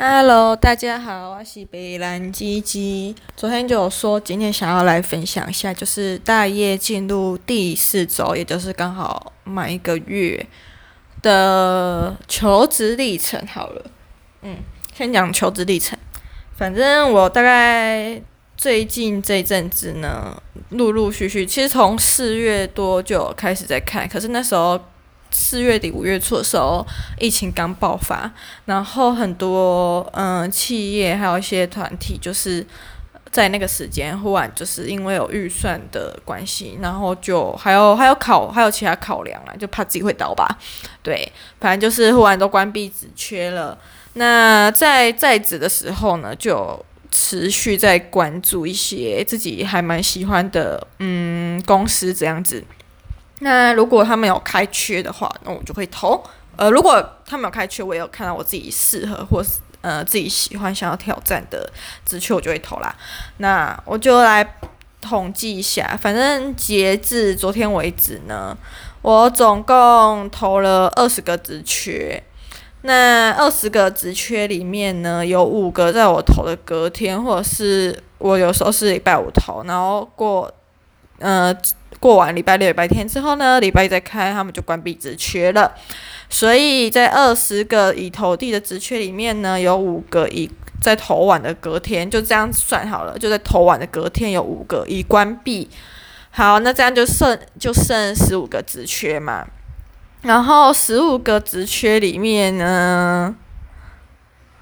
Hello，大家好，我是白蘭基基，昨天就有說，今天想要來分享一下，就是待業進入第四周，也就是剛好滿一個月的求職歷程。好了，嗯，先講求職歷程。反正我大概最近這一陣子呢，陸陸續續，其實從四月多就開始在看，可是那時候。四月底、五月初的時候，疫情剛爆發，然後很多嗯企業還有一些團體，就是在那個時間忽然就是因為有預算的關係，然後就還有還有考還有其他考量啊，就怕自己會倒吧，對，反正就是忽然都關閉職缺了。那在在職的時候呢，就持續在關注一些自己還蠻喜歡的嗯公司這樣子。那如果他們有開缺的話，那我就會投。呃，如果他們有開缺，我也有看到我自己適合或是呃自己喜歡想要挑戰的職缺，我就會投啦。那我就來統計一下，反正截至昨天為止呢，我總共投了二十個職缺。那二十個職缺裡面呢，有五個在我投的隔天，或者是我有時候是禮拜五投，然後過。呃，過完禮拜六、禮拜天之後呢，禮拜一再開，他們就關閉職缺了。所以在二十個已投遞的職缺裡面呢，有五個已在投完的隔天，就這樣子算好了，就在投完的隔天有五個已關閉。好，那這樣就剩就剩十五個職缺嘛。然後十五個職缺裡面呢，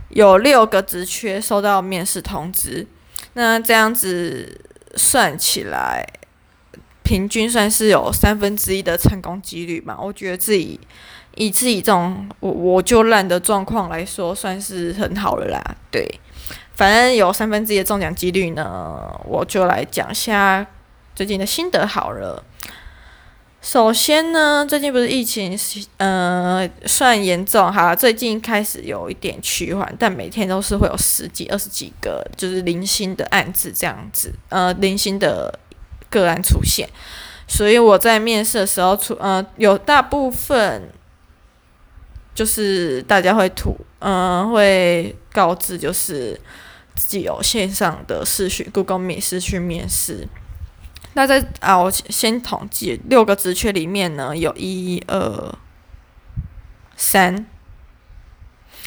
有六個職缺收到面試通知，那這樣子算起來。平均算是有三分之一的成功幾率嘛。我覺得自己以自己這種我我就爛的狀況來說，算是很好了啦。對，反正有三分之一的中獎幾率呢，我就來講一下最近的心得好了。首先呢，最近不是疫情，嗯、呃，算嚴重哈。最近開始有一點趨緩，但每天都是會有十幾、二十幾個，就是零星的案子這樣子，呃，零星的個案出現，所以我在面試的時候，出呃有大部分就是大家會塗，呃，會告知就是自己有線上的視訊，Google Meet 視訊面試。那在啊，我先統計六個職缺裡面呢，有一、二、三，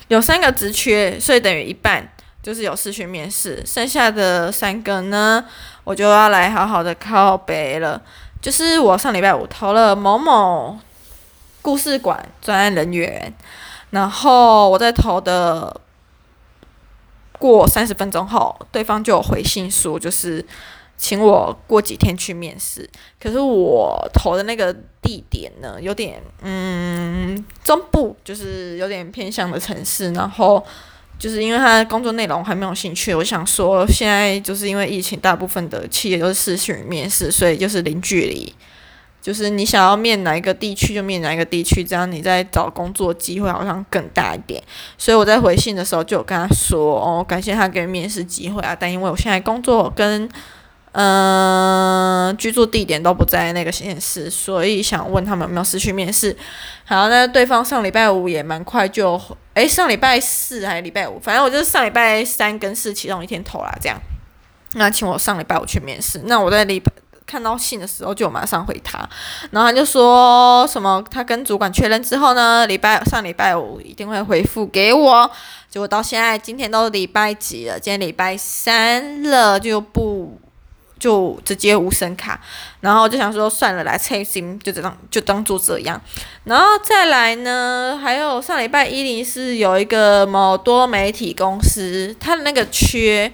有三個職缺，所以等於一半。就是有事去面試，剩下的三個呢，我就要來好好的靠北了。就是我上禮拜五投了某某故事館專案人員，然後我在投的過三十分鐘後，對方就有回信說，就是請我過幾天去面試。可是我投的那個地點呢，有點嗯，中部，就是有點偏向的城市，然後。就是因為他的工作內容還沒有興趣，我想說現在就是因為疫情，大部分的企業都是視訊面試，所以就是零距離，就是你想要面哪一個地區就面哪一個地區，這樣你在找工作機會好像更大一點。所以我在回信的時候就有跟他說哦，感謝他給你面試機會啊，但因為我現在工作跟。嗯，居住地點都不在那個縣市，所以想問他們有沒有視訊面試。好，那對方上禮拜五也蠻快就，哎、欸，上禮拜四還是禮拜五，反正我就是上禮拜三跟四其中一天投啦。這樣，那請我上禮拜五去面試。那我在禮拜看到信的時候就馬上回他，然後他就說什麼，他跟主管確認之後呢，禮拜上禮拜五一定會回復給我。結果到現在今天都是禮拜幾了？今天禮拜三了，就不。就直接無聲卡，然後就想說算了來，來測心就這樣就當做這樣，然後再來呢，還有上禮拜一零是有一個某多媒體公司，他的那個缺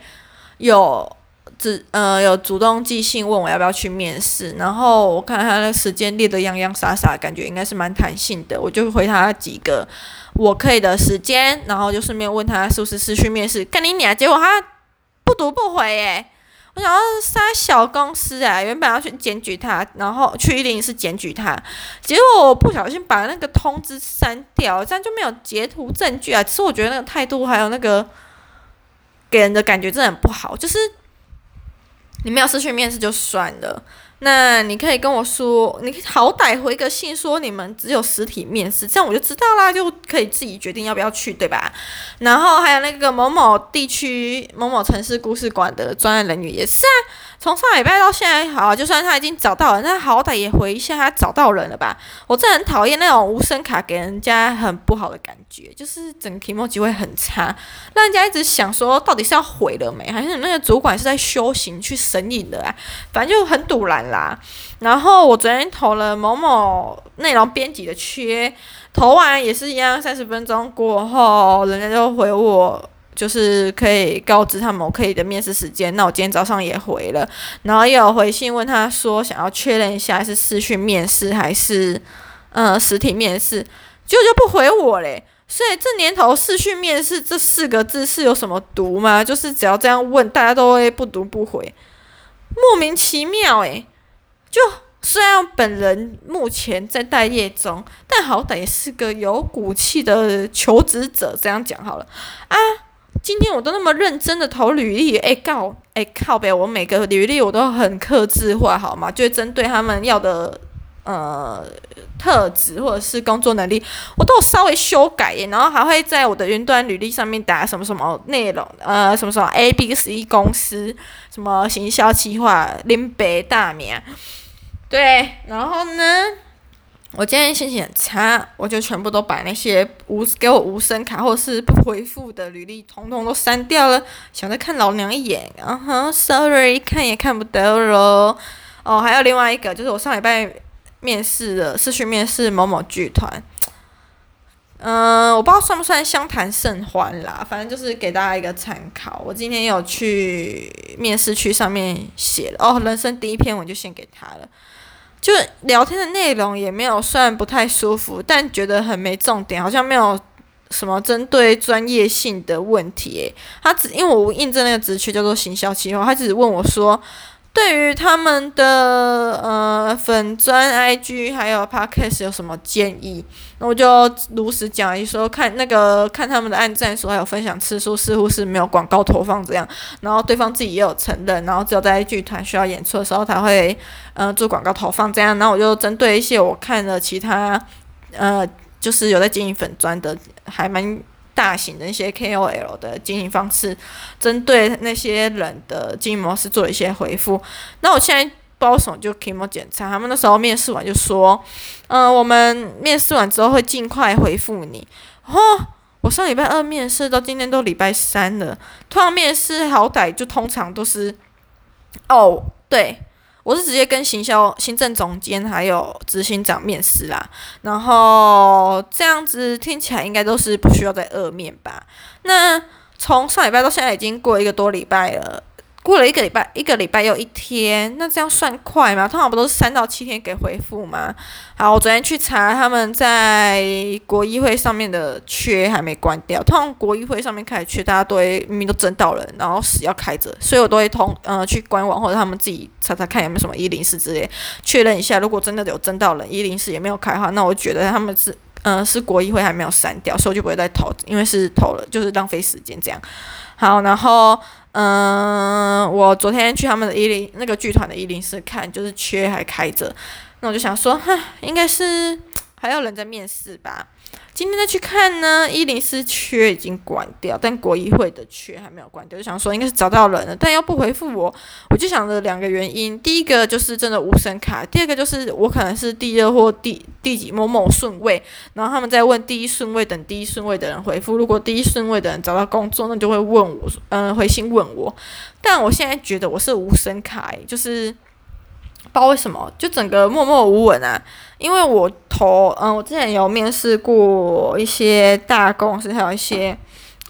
有主呃有主動寄信問我要不要去面試，然後我看他的時間列的洋洋灑灑，感覺應該是蠻彈性的，我就回他幾個我可以的時間，然後就順便問他是不是是去面試，跟你娘結果他不讀不回誒、欸。我想要殺小公司啊，原本要去檢舉他，然後去一零四檢舉他，結果我不小心把那個通知刪掉，這樣就沒有截圖證據啊。其實我覺得那個態度還有那個給人的感覺真的很不好，就是你沒有失去面試就算了。那你可以跟我說，你好歹回個信說你們只有實體面試，這樣我就知道啦，就可以自己決定要不要去，對吧？然後還有那個某某地區某某城市故事館的專案人員也是啊。從上禮拜到現在，好啊，就算他已經找到了，那好歹也回一下，他找到人了吧？我真的很討厭那種無聲卡，給人家很不好的感覺，就是整個題目就會很差，讓人家一直想說到底是要回了沒，還是你那個主管是在修行去神隱的啊？反正就很賭爛啦。然後我昨天投了某某內容編輯的缺，投完也是一樣，三十分鐘過後，人家就回我。就是可以告知他們我可以的面試時間。那我今天早上也回了，然後也有回信問他說，想要確認一下是視訊面試還是嗯、呃、實體面試，結果就不回我嘞。所以這年頭視訊面試這四個字是有什麼毒嗎？就是只要這樣問，大家都會不讀不回，莫名其妙誒。就雖然本人目前在待業中，但好歹也是個有骨氣的求職者，這樣講好了啊。今天我都那麼認真的投履歷，哎、欸、靠，哎、欸、靠北！我每個履歷我都很客製化，好嗎？就是針對他們要的，呃，特質或者是工作能力，我都有稍微修改耶。然後還會在我的雲端履歷上面打什麼什麼內容，呃，什麼什麼 A B C 公司，什麼行銷企劃，林北大名，對，然後呢？我今天心情很差，我就全部都把那些無給我無聲卡或者是不回復的履歷，統統都刪掉了，想着看老娘一眼啊哼、uh huh, sorry 看也看不得了。哦、oh,，還有另外一個，就是我上禮拜面試了，是去面試某某劇團。嗯、呃，我不知道算不算相談甚歡啦，反正就是給大家一個參考。我今天有去面試，去上面寫了，哦、oh,，人生第一篇文就獻給他了。就聊天的內容也沒有算不太舒服，但覺得很沒重點，好像沒有什麼針對專業性的問題。他只因為我應徵那個職缺叫做行銷企劃，他只問我說。對於他們的呃粉專 IG 還有 Podcast 有什麼建議？那我就如實講一說。看那個看他們的按讚數還有分享次數似乎是沒有廣告投放這樣，然後對方自己也有承認，然後只有在劇團需要演出的時候才會嗯、呃、做廣告投放這樣。那我就針對一些我看了其他呃，就是有在經營粉專的，還蠻。大型的一些 KOL 的經營方式，針對那些人的經營模式做一些回復。那我現在包總就去摸檢查，他們那時候面試完就說：“嗯、呃，我們面試完之後會儘快回復你。哦”然後我上禮拜二面試，到今天都禮拜三了，通常面試好歹就通常都是哦對。我是直接跟行銷、行政總監還有執行長面試啦，然後這樣子聽起來應該都是不需要再二面吧？那從上禮拜到現在已經過一個多禮拜了。過了一個禮拜，一個禮拜又一天，那這樣算快嗎？通常不都是三到七天給回復嗎？好，我昨天去查他們在國議會上面的缺還沒關掉，通常國議會上面開缺，大家都會明明都徵到了，然後死要開着，所以我都會通呃去官網或者他們自己查查看有沒有什麼一零四之類，確認一下，如果真的有徵到了一零四也沒有開的話，那我覺得他們是嗯、呃、是國議會還沒有刪掉，所以就不會再投，因為是投了就是浪費時間這樣。好，然後。嗯，我昨天去他們的一零那個劇團的一零四看，就是缺還開着，那我就想說，哈，應該是。還有人在面試吧？今天再去看呢，104缺已經關掉，但國議會的缺還沒有關掉。就想說應該是找到人了，但又不回復我，我就想着兩個原因：第一個就是真的無聲卡，第二個就是我可能是第二或第第幾某某順位，然後他們在問第一順位，等第一順位的人回復。如果第一順位的人找到工作，那就會問我，嗯、呃，回信問我。但我現在覺得我是無聲卡，就是。不知道為什麼，就整個默默無聞啊。因為我投，嗯、呃，我之前有面試過一些大公司，還有一些，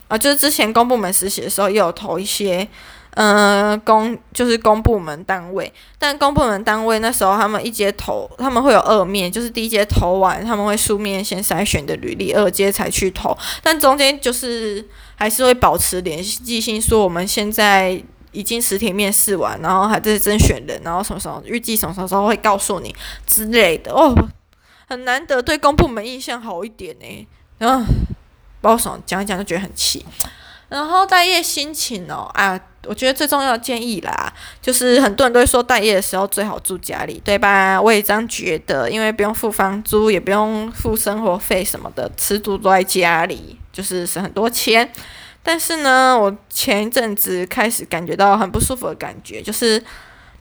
啊、呃，就是之前公部門實習的時候也有投一些，嗯、呃，公就是公部門單位。但公部門單位那時候他們一階投，他們會有二面，就是第一階投完，他們會書面先篩選的履歷，二階才去投。但中間就是還是會保持聯繫，寄信說我們現在。已經實體面試完，然後還在甄選人，然後什麼時候預計什麼什麼時候會告訴你之類的哦，很難得對公部門印象好一點呢，啊，不知道什麼，講一講就覺得很氣。然後待業心情哦，啊，我覺得最重要的建議啦，就是很多人都會說待業的時候最好住家裡，對吧？我也這樣覺得，因為不用付房租，也不用付生活費什麼的，吃住都在家裡，就是省很多錢。但是呢，我前一陣子開始感覺到很不舒服的感覺，就是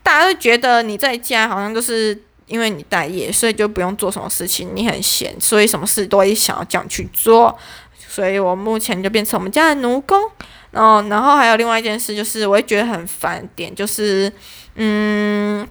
大家都覺得你在家好像都是因為你待業，所以就不用做什麼事情，你很閒，所以什麼事都會想要這樣去做，所以我目前就變成我們家的奴工。哦，然後，然後還有另外一件事，就是我也覺得很煩點，就是嗯。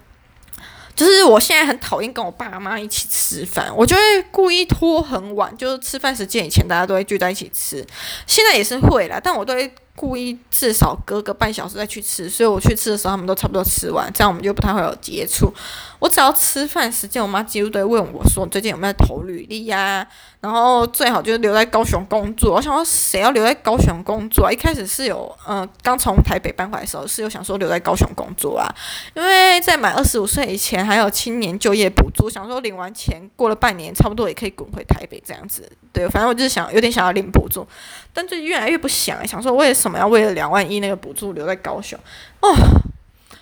就是我現在很討厭跟我爸媽一起吃飯，我就會故意拖很晚，就是吃飯時間以前大家都會聚在一起吃，現在也是會啦，但我都會。故意至少隔個半小時再去吃，所以我去吃的時候他們都差不多吃完，這樣我們就不太會有接觸。我只要吃飯時間，我媽幾乎都會問我說最近有沒有投履歷啊，然後最好就是留在高雄工作。我想說，誰要留在高雄工作啊？一開始是有，嗯、呃，剛從台北搬回來的時候是有想說留在高雄工作啊，因為在滿二十五歲以前還有青年就業補助，想說領完錢過了半年差不多也可以滾回台北這樣子。對，反正我就是想有點想要領補助，但就越來越不想，想說我也是。什麼要為了兩萬一那個補助留在高雄？哦，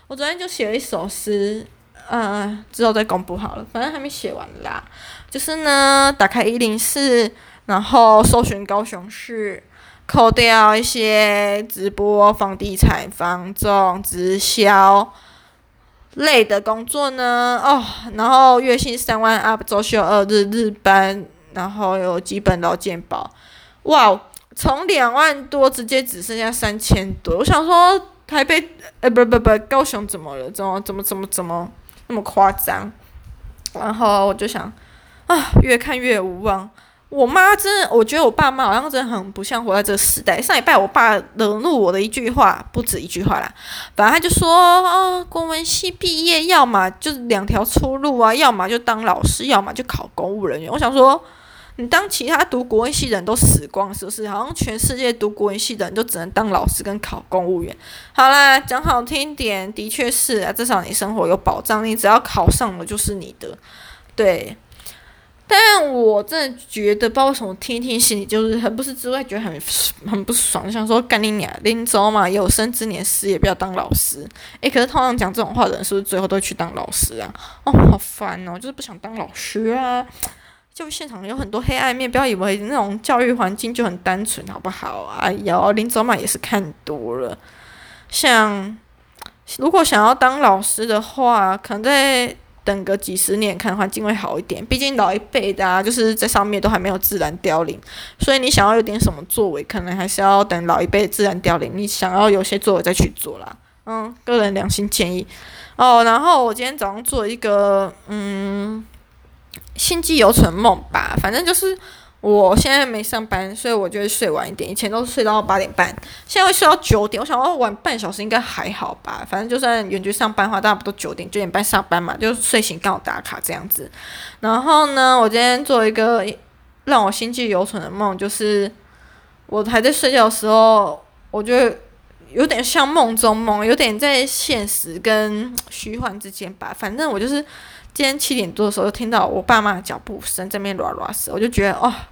我昨天就寫了一首詩，呃，之後再公布好了，反正還沒寫完啦。就是呢，打開一零四，然後搜尋高雄市，扣掉一些直播、房地產、房仲、直銷類的工作呢。哦，然後月薪三萬 up，週休二日，日班，然後有基本勞健保。哇！從兩萬多直接只剩下三千多，我想說台北，呃、欸，不不不高雄怎麼了？怎麼怎麼怎麼怎麼那麼誇張？然後我就想，啊，越看越無望。我媽真的，我覺得我爸媽好像真的很不像活在這個時代。上禮拜我爸惹怒我的一句話，不止一句話啦，反正他就說，啊、哦，國文系畢業，要麼就兩條出路啊，要麼就當老師，要麼就考公務人員。我想說。你當其他讀國文系的人都死光，是不是？好像全世界讀國文系的人都只能當老師跟考公務員。好啦，講好聽點，的確是啊，至少你生活有保障，你只要考上了就是你的，對。但我真的覺得，不知道為什麼我聽聽，心裡就是很不是滋味，覺得很很不爽，就想說幹你娘，恁祖嬤，有生之年，死也不要當老師。誒、欸，可是通常講這種話的人，是不是最後都去當老師啊？哦，好煩哦，就是不想當老師啊。教育現場有很多黑暗面，不要以為那種教育環境就很單純，好不好啊？哎呦，林祖媽也是看多了。像，如果想要當老師的話，可能再等個幾十年，看環境會好一點。畢竟老一輩的啊，就是在上面都還沒有自然凋零，所以你想要有點什麼作為，可能還是要等老一輩自然凋零，你想要有些作為再去做啦。嗯，個人良心建議。哦，然後我今天早上做一個，嗯。心悸猶存夢吧，反正就是我現在沒上班，所以我就會睡晚一點。以前都是睡到八點半，現在會睡到九點。我想要晚半小時，應該還好吧。反正就算遠距上班的話，大家不都九點九點半上班嘛，就睡醒剛好打卡這樣子。然後呢，我今天做一個讓我心悸猶存的夢，就是我還在睡覺的時候，我覺得有點像夢中夢，有點在現實跟虛幻之間吧。反正我就是。今天七點多的時候，就聽到我爸媽的腳步聲在那邊啦啦聲，我就覺得哦，啊、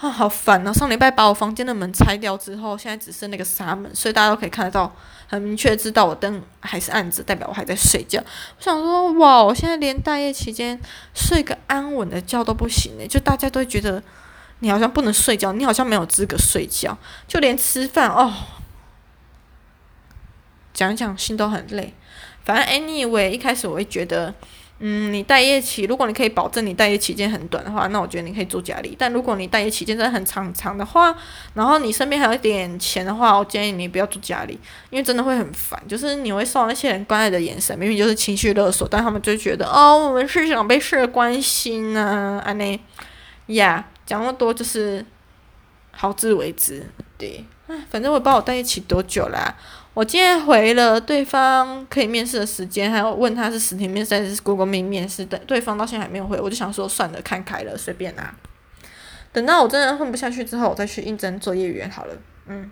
哦，好煩啊！上禮拜把我房間的門拆掉，之後，現在只剩那個紗門，所以大家都可以看得到，很明確知道我燈還是暗着，代表我還在睡覺。我想說，哇，我現在連待業期間睡個安穩的覺都不行呢、欸，就大家都覺得你好像不能睡覺，你好像沒有資格睡覺，就連吃飯哦，講講心都很累。反正 anyway，一開始我會覺得。嗯，你待業期，如果你可以保證你待業期間很短的話，那我覺得你可以住家裡。但如果你待業期間真的很長很長的話，然後你身邊還有一點錢的話，我建議你不要住家裡，因為真的會很煩，就是你會受到那些人關愛的眼神，明明就是情緒勒索，但他們就覺得哦，我們是想被事關心啊，安尼呀，講那麼多就是好自為之。對，唉，反正我不知道我待業期多久啦、啊。我今天回了對方可以面試的時間，還有問他是實體面試還是,是 Google Meet 面試的。對方到現在還沒有回，我就想說算了，看開了，隨便啊。等到我真的混不下去之後，我再去應徵做業務員好了。嗯。